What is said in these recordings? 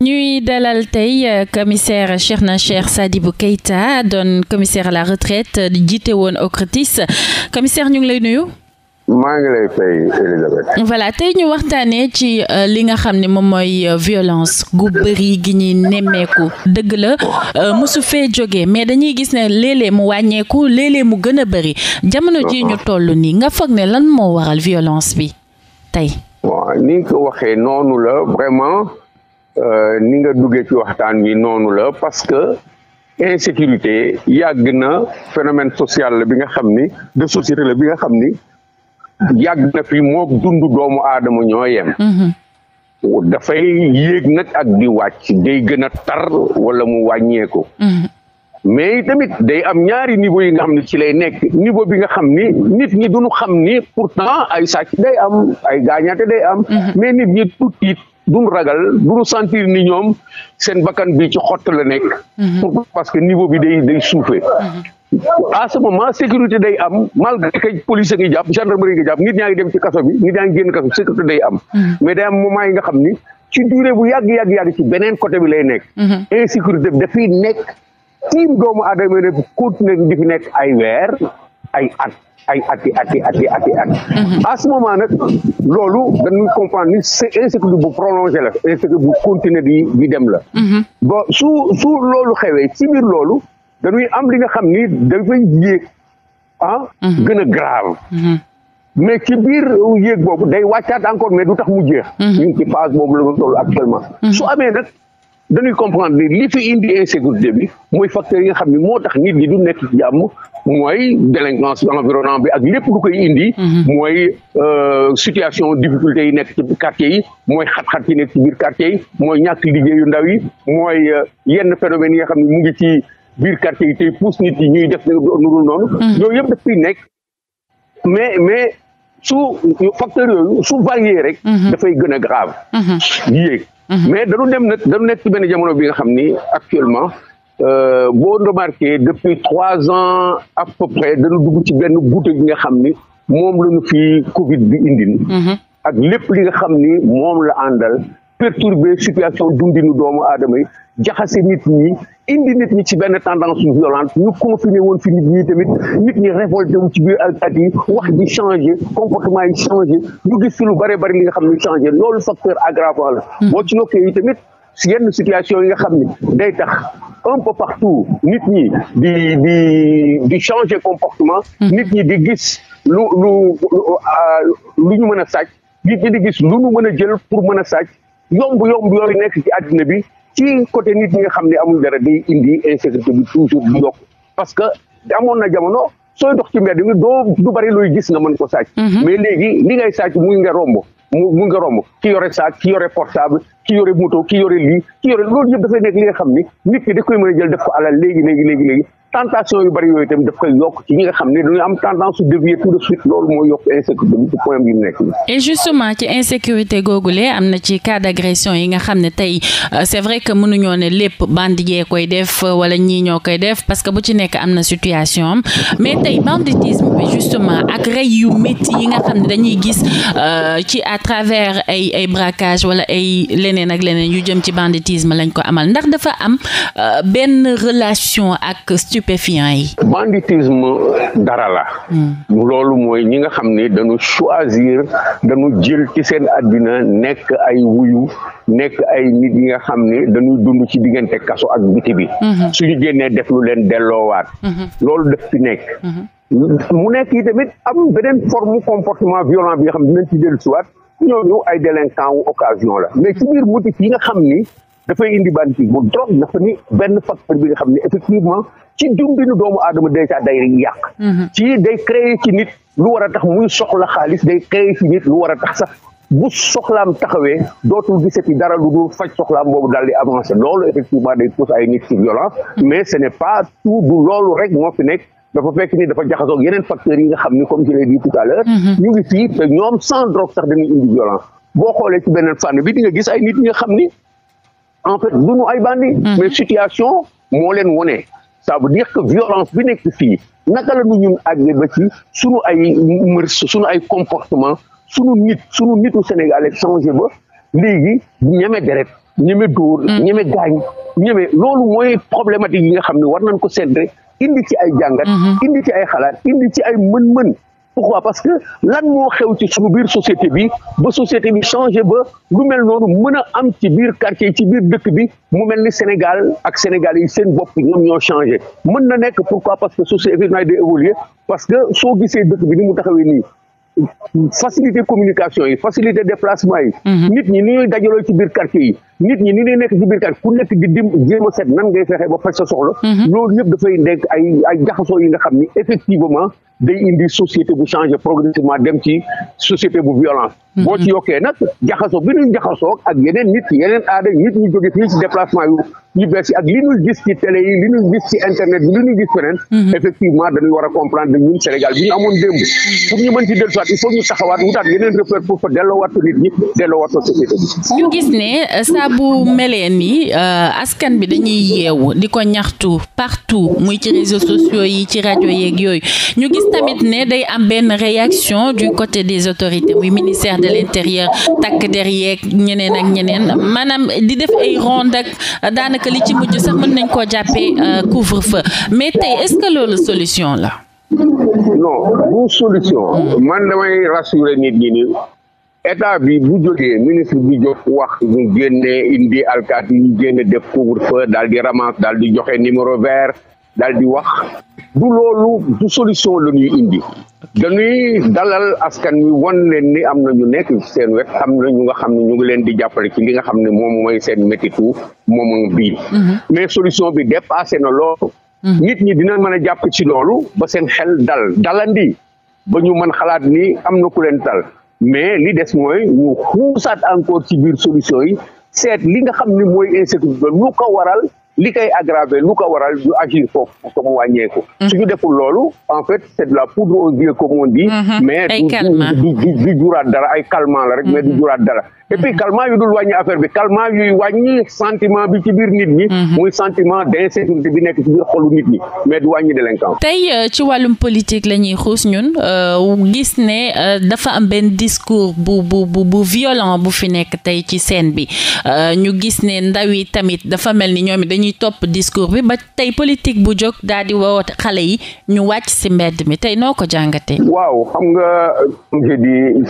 ñuy dalal tey na euh, Cheikhna Cheikh bu Keita doon commissaire à la retraite di jiite woon OCRTIS commissaire ñu ngi lay nuyu. maa tey ñu waxtaanee ci euh, li nga xam ne moom mooy euh, violence gu bëri gi ñuy nemmeeku dëgg la mosu fee jógee mais dañuy gis ne léeg mu wàññeeku léeg mu gën a bëri jamono ji ñu uh-huh. toll nii nga foog ne lan moo waral violence bi tey. ni ko waxee noonu la Euh, ni nga duggee ci waxtaan wi noonu la parce que insécurité yàgg na phénomène social la bi nga xam ni de société la bi nga xam ni yàgg na fi mook dund doomu aadama ñoo yem mm-hmm. dafay yéeg nag ak di wàcc day gën a tar wala mu wàññeeku mm-hmm. mais tamit day am ñaari niveau yi nga xam ne ci lay nekk niveau bi nga xam ni nit ñi duñu xam ni pourtant ay sàcc day am ay gaañaate day am mm-hmm. mais nit ñi tuuti duñ ragal duñ sentir ni ñoom seen bakkan bi ci xott la nekk. Mhm. pour parce que niveau bi day day suufee. Mhm. à ce sécurité day am malgré que police ngi jàpp gendarmerie ngi jàpp day am. Mhm. mais yi nga xam ni ci durée bu yàgg yàgg yàgg ci beneen côté bi lay nekk. insécurité bi dafay nekk tiim doomu aadama ne continuer di fi nekk ay weer ay at. ay ati ati ati ati ati mhm. à ce moment nag loolu dañuy comprendre ni c'est insécurité bu prolongé la insécurité bu continuer di di dem la mhm. bon su su loolu xewee ci biir loolu dañuy am li nga xam ni dafay yéeg ah mhm. gën a grave mais ci biir yéeg boobu day wàccaat encore mais du tax mu jeex ñu ngi ci phase boobu la ñu toll actuellement su amee nag dañuy comprendre ni li fi indi insécurité bi mooy facteurs yi nga xam ne moo tax nit ñi du nekk ci jàmm mooy délinquance environnement bi ak lépp lu koy indi. Mhm. mooy euh, situation difficulté yi nekk ci quartier yi mooy xat-xat yi nekk ci biir quartier yi mooy ñàkk liggéeyu ndaw yi mooy euh, yenn phénomènes yi nga xam ne mu ngi ci biir quartier yi tey pousse nit ñuy def nu dul noonu. Mhm. yooyu yëpp daf fiy nekk mais mais su facteurs yooyu su varié rek. Mhm. dafay gën a grave. Mhm. mais dañu dem nag dañu nekk ci benn jamono bi nga xam ni actuellement euh, boo remarqué depuis trois ans à peu près dañu dugg ci benn guute gi nga xam ni moom la ñu fi Covid bi indil. Mhm. ak lépp li nga xam ni moom la àndal perturber situation dundinu doomu aadama yi jaxase nit ñi indi nit ñi ci benn tendance violente ñu confiné woon fi nit ñi tamit nit ñi révolté wu ci biir at yi wax bi changé comportement yi changé ñu gis ci lu bare bari li nga xam ne changé loolu facteur aggravant la hmm. boo ci yokkee yi tamit si yenn situation yi nga xam ne day tax un peu partout nit ñi di di di changer comportement hmm. nit ñi di gis lu lu lu ñu mën a sàcc nit ñi di gis lu ñu mën a jël pour mën a sac yomb yomb yooyu nekk ci àddina bi ci côté nit ñi nga xam ne amul dara day indi insécurité bi toujours di yokk parce que amoon na jamono sooy ndox ci mbedd mi doo du bari looy gis nga mën ko sàcc mhm. mais léegi li ngay sàcc muy nga romb mu mu nga romb ki yore sac ki yore portable ki yore moto ki yore lii ki yore loolu yëpp dafay nekk li nga xam ni nit ki da koy mën a jël def ko alal léegi léegi léegi léegi tentation yu bari yooyu tamit daf koy yokk ci ñi nga xam ne dañuy mu nekk et justement ci insécurité googule am na ci cas d'agression yi nga xam ne tey euh, c'est vrai que mënuñoo ne lépp bandi koy def euh, wala ñii ñoo koy def parce que bu ci nekk am na situation mais tey banditisme bi justement ak rey yu métti yi nga xam ne dañuy gis euh, ci à travers ay ay braquage wala ay leneen ak leneen yu jëm ci banditisme lañ ko amal ndax dafa am benn relation ak stupéfiants yi. banditisme dara la. Hmm. loolu mooy ñi nga xam ni dañu choisir dañu jël ci seen àddina nekk ay wuyu nekk ay nit yi nga xam ni dañuy dund ci diggante kaso ak biti bi. Hmm. suñu génnee def lu leen delloowaat. Hmm. loolu daf fi nekk. mu nekk yi tamit am beneen forme comportement violent bi nga xam ne dinañ ci dellusiwaat ñooñu ay délinquant occasion la mais ci biir motif yi nga xam ni. dafay indi banditisme bu drogue dafa ni benn facteur bi nga xam ne effectivement ci dundinu doomu aadama déjà day yàq. Mhm. ci day créer ci nit lu war a tax muy soxla xaalis day créer ci nit lu war a tax sax. bu soxlaam taxawee dootul gisati dara lu dul faj soxlaam boobu daal di avancer loolu effectivement day pousse ay nit ci violence mhm. mais ce n'est pas tout du loolu rek moo fi nekk dafa fekk ni dafa jaxasoo ak yeneen facteurs yi nga xam ni comme je l'ai dit tout à l'heure mhm. ñu ngi fii te ñoom sans drogue sax di ni en fait duñu ay bandi mhm. mais situation moo leen wone ça veut dire que violence bi nekk fii naka la ñu ñun àggee ba ci ay mërs suñu ay comportement suñu nit suñu nitu sénégalais changé ba léegi ñeme deret ñeme dóor mhm. ñeme gaañ ñeme loolu mooy problématique yi nga xam ne war nañ ko seddre indi ci ay jàngat mhm. indi ci ay xalaat indi ci ay mën-mën pourquoi parce que lan moo xew ci suñu biir société bi ba société bi changé ba lu mel noonu mën a am ci biir quartier ci biir dëkk bi mu mel ni Sénégal ak Sénégal yi seen bopp ñoom ñoo changé mën na nekk pourquoi parce que société bi day évoluer parce que soo gisee dëkk bi ni mu taxawee nii facilité communication yi facilité déplacement yi. Mm-hmm. nit ñi ni ñuy dajaloo ci biir quartier yi. nit ñi ni ñuy nekk ci biir kër ku nekk di dim jéem a set nan ngay fexe ba faj sa soxla mhm. loolu yëpp dafay nekk ay jaxasoo yi nga xam ni effectivement day indi société bu changé progressivement dem ci société bu violence mhm. boo ci yokkee nag jaxasoo bi ñuy jaxasoo ak yeneen nit yeneen aada nit ñu jóge fii ci déplacement yu yu bees yi ak li ñuy gis ci télé yi li ñuy gis ci internet bi li ñuy gis feneen mhm. effectivement dañuy war a comprendre ne ñun Sénégal bi ñu amoon démb pour ñu mën ci dellusiwaat il faut ñu taxawaat wutaat yeneen repère pour bu melee ni euh, askan bi dañuy yeewu di ko ñaxtu partout muy ci réseaux sociaux yi ci rajo yéeg yooyu ñu gis tamit ne day am benn réaction du côté des autorités muy ministère de l'intérieur takk der yeeg ñeneen ak ñeneen maanaam di def ay ronde ak daanaka li ci mujj sax mën nañ koo jàppee euh, couvre-feu mais tey est loolu solution la non bu solution hmm. man damay rassurer nit ñi ni état bi bu jógee ministre bi jóg wax ñu génnee indi alkaati ñu génne def couvre-feu daal di ramas daal di joxe numéro vert daal di wax du loolu du solution la ñuy indi dañuy dalal askan wi wan leen ni am na ñu nekk ci seen wet am na ñu nga xam ne ñu ngi leen di jàppale ci nga xam ne moom mooy seen métitu moom bii mhm. mais solution bi dépassé na loolu mhm. nit ñi dina mën a jàpp ci loolu ba seen xel dal dalandi ba ñu mën xalaat ni am na ku leen tal mais li des mooy ñu xuusaat encore ci biir solution yi seet li nga xam ni mooy insécurité lu ko waral li koy aggravé lu ko waral du agir foofu pour que mu wàññeeku. Mm. suñu deful loolu en fait c' est de la poudre aux yeux comme on dit. Mm-hmm. mais du juraat dara ay calmant la rek mais du mm-hmm. juraat dara. et puis mm-hmm. yu dul wàññi affaire bi calmant yuy wàññi sentiment bi ci biir nit ñi. muy sentiment d' insécurité bi nekk ci biir xolu nit ñi mais du wàññi délinquance. tey euh, ci wàllum politique la xuus ñun euh, gis ne euh, dafa am benn discours bu bu bu bu violent bu fi nekk tey ci scène bi ñu gis ne ndaw yi tamit dafa mel ni ñoom dañuy topp discours bi ba tey politique bu jóg daal di woo xale yi ñu wàcc si mbedd mi tey noo ko jàngate waaw xam nga comme je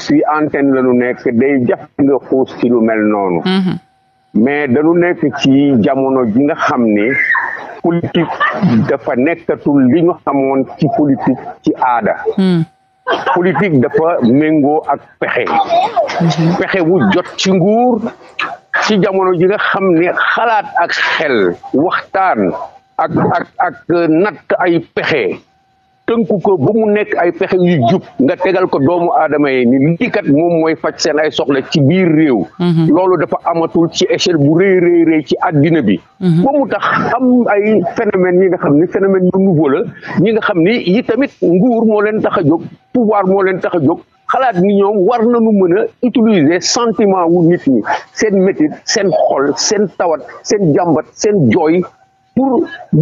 si antenne la ñu nekk day jafe nga xuus ci lu mel noonu. Mhm. mais dañu nekk ci jamono ji nga xam ne politique dafa nekkatul li ñu xamoon ci politique ci aada. Mhm. politique dafa méngoo ak pexe. Mhm. pexe wu jot ci nguur. ci jamono ji nga xam ne xalaat ak xel waxtaan ak ak ak euh, natt ay pexe tënku ko ba mu nekk ay pexe yu jub nga tegal ko doomu aadama yi ni lii kat moom mooy faj seen ay soxla ci biir réew. Mhm. loolu dafa amatul ci échelle bu rëy rëy rëy ci àddina bi. Mhm. ba mu tax am ay phénomène yi nga xam ni phénomène yu nouveau la ñi nga xam ni yi tamit nguur moo leen tax a jóg pouvoir moo leen tax a jóg. xalaat ni ñoom war nañu mën a utiliser sentiment wu nit ñi seen métit seen xol seen tawat seen jàmbat seen jooy pour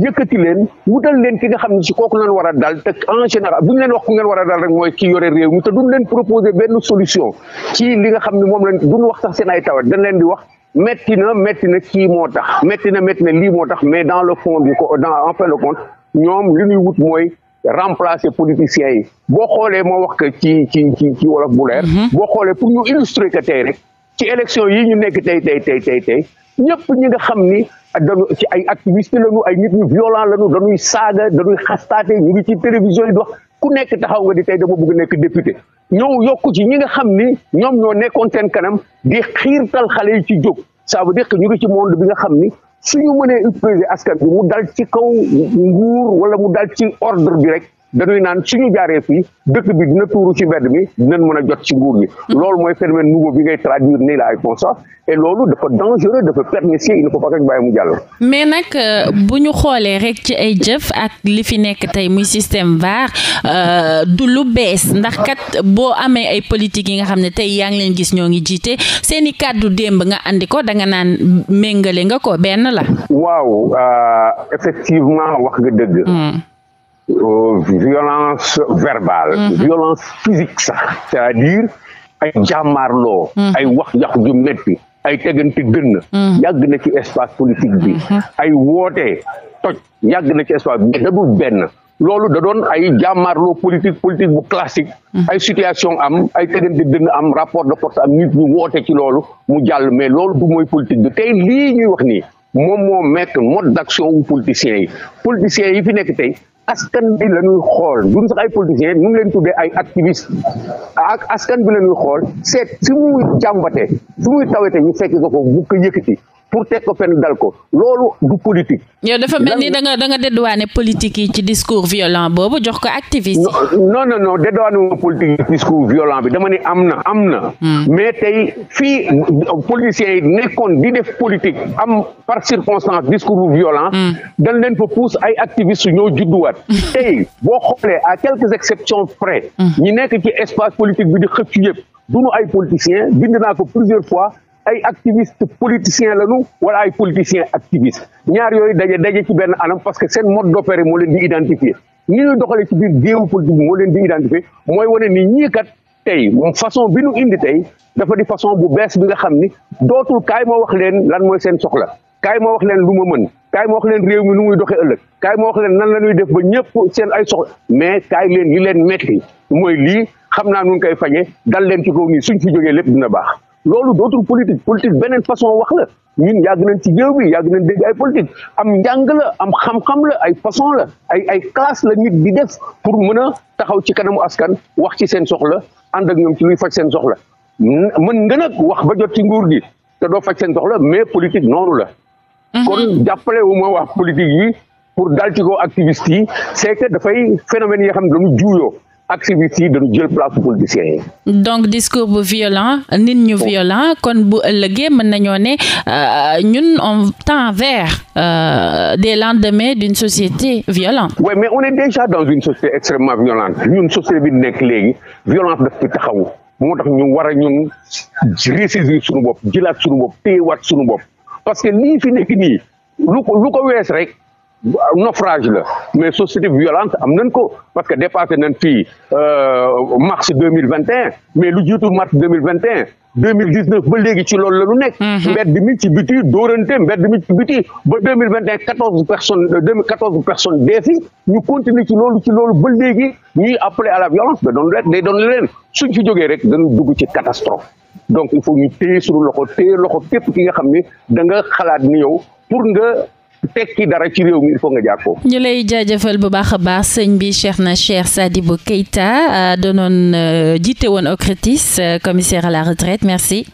yëkkati leen wutal leen ki nga xam ne si kooku leen war daal dal te en général bu ñu leen wax ku ngeen war a dal rek mooy ki yore réew mi te duñ leen proposer benn solution ci li nga xam ne moom lañ duñ wax sax seen ay tawat dañ leen di wax metti na metti na kii moo tax metti na metti na moo tax mais dans le fond du dans en fin de compte ñoom li ñuy remplacer politiciens yi boo xoolee moo wax que ci ci ci ci wolof bu leer. Mhm. boo xoolee pour ñu illustrer que tey rek ci élection yi ñu nekk tey tey tey tey tey ñëpp ñi nga xam ni dañu ci ay activiste lañu ay nit ñu violent lañu dañuy saaga dañuy xastaate ñu ngi ci télévision yi di wax ku nekk taxaw nga di tey dama bëgg nekk député ñëw yokku ci ñi nga xam ni ñoom ñoo nekkoon seen kanam di xiirtal xale yi ci jóg ça veut dire que ñu ngi ci monde bi nga xam ni suñu mënee utiliser askan bi mu dal ci kaw nguur wala mu dal ci ordre bi rek dañuy naan suñu jaaree fii dëkk bi dina tuuru ci mbedd mi dinañ mën a jot ci nguur gi mm. loolu mooy phénomène nouveau bi ngay traduire nii la ay constat et loolu dafa dangereux dafa pernicieux il ne faut pas que mu jàll mais nag euh, bu ñu xoolee rek ci ay jëf ak li fi nekk tey muy système VAR euh, du lu bees ndax kat boo amee ay politique yi nga xam ne tey yaa ngi leen gis ñoo ngi jiite seeni kàddu démb nga andi ko danga naan méngale nga ko benn la waaw euh, effectivement Euh, violence verbale. Mm-hmm. violence physique sax. c'est-à-dire ay mm-hmm. jàmmaarloo. Mm-hmm. ay wax jax ju metti ay tegante gën. yàgg na ci espace politique bi. ay woote toj yàgg na ci espace bi da benn. loolu da doon ay jàmmaarloo politique politique bu classique. ay situation am ay tegante dënn am rapport de force am nit ñu woote ci loolu mu jàll mais loolu du mooy politique bi tey lii ñuy wax nii moom moo mekk mode d'action u politiciens yi politiciens yi fi nekk tey askan bi la ñuy xool duñ sax ay politiciens ñu ngi leen tuddee ay activistes ak askan bi la nuy xool seet fi muy jàmbatee fi muy tawete ñu fekk ko ko bu ko yëkkati pour teg ko fenn dal ko loolu du politique. yow dafa mel ni da nga da nga dédouané politique yi ci discours violent boobu jox ko activiste. non non non dédouané wu politique yi discours violent bi dama ni am na am na. Hmm. mais tey fii politiciens yi nekkoon di def politique am par circonstance discours violent. Hmm. dañ leen fa pousse ay activistes ñoo judduwaat. Hmm. tey boo xoolee à quelques exceptions près. ñi nekk ci espace politique bi di xëcc yëpp. duñu ay politiciens bind naa ko plusieurs ay activiste politicien lañu wala ay politicien activiste ñaar yooyu daje daje ci benn anam parce que seen mode d'opérer moo leen di identifier ni ñuy doxalee ci biir géewu politique bi moo leen di identifier mooy wane ni ñii kat tey façon bi nu indi tey dafa di façon bu bees bi nga xam ni dootu kaay moo wax leen lan mooy seen soxla kaay moo wax leen lu ma mën kaay ma wax leen réew mi nu muy doxee ëllëg kaay ma wax leen nan la ñuy def ba ñëpp seen ay soxla mais leen li leen metti mooy lii xam naa nun koy fañe dal leen ci kaw nii suñ fi jógee lépp dina baax loolu dootul politique politique beneen façon wax la ñun yàgg nañ ci géew bi yàgg nañ dégg ay politique am njàng la am xam-xam la ay façon la ay ay classe la nit di def pour mën a taxaw ci kanamu askan wax ci seen soxla ànd ak ñoom ci luy faj seen soxla mën nga nag wax ba jot ci nguur gi te doo faj seen soxla mais politique noonu la mhm. kon jàppale wu ma wax politique yi pour dal ci ko activiste yi c'est dafay phénomène yi nga xam ne dañu juuyoo activiste yi dañu jël place politicien yi. donc discours bu violent nit ñu violent kon bu ëllëgee mën nañoo ne euh, ñun on tend vers euh, des lendemains d'une société violente. oui mais on est déjà dans une société extrêmement violente ñun société bi nekk léegi violence daf fi taxawu moo tax ñu war a ñun ressaisir suñu bopp jëlaat suñu bopp téyewaat suñu bopp parce que lii fi nekk nii lu ko lu wees rek. naufrage la mais société violente am nañ ko parce que dépassé nañ fii euh, mars mille vingt et mais lu jiitu mars deux mille ba léegi ci loolu la ñu nekk. Mhm. mbedd mi ci biti dóorante mbedd mi ci biti ba deux mille vingt et un quatorze personnes euh, deux mille quatorze personnes dee ñu continuer ci loolu ci loolu ba léegi ñuy appeler à la violence da doon leen day doon leen suñ fi jógee rek dañu dugg ci catastrophe donc il faut ñu téye suñu loxo téye loxo képp ki nga xam ne da nga xalaat ni yow pour nga. tekki dara ci réew mi il nga jaar ñu lay jaajëfal bu baax a baax sëñ bi Cheikhna Cheikh Sadibou Keita euh, doonoon euh, jiite woon OCRTIS euh, commissaire à la retraite merci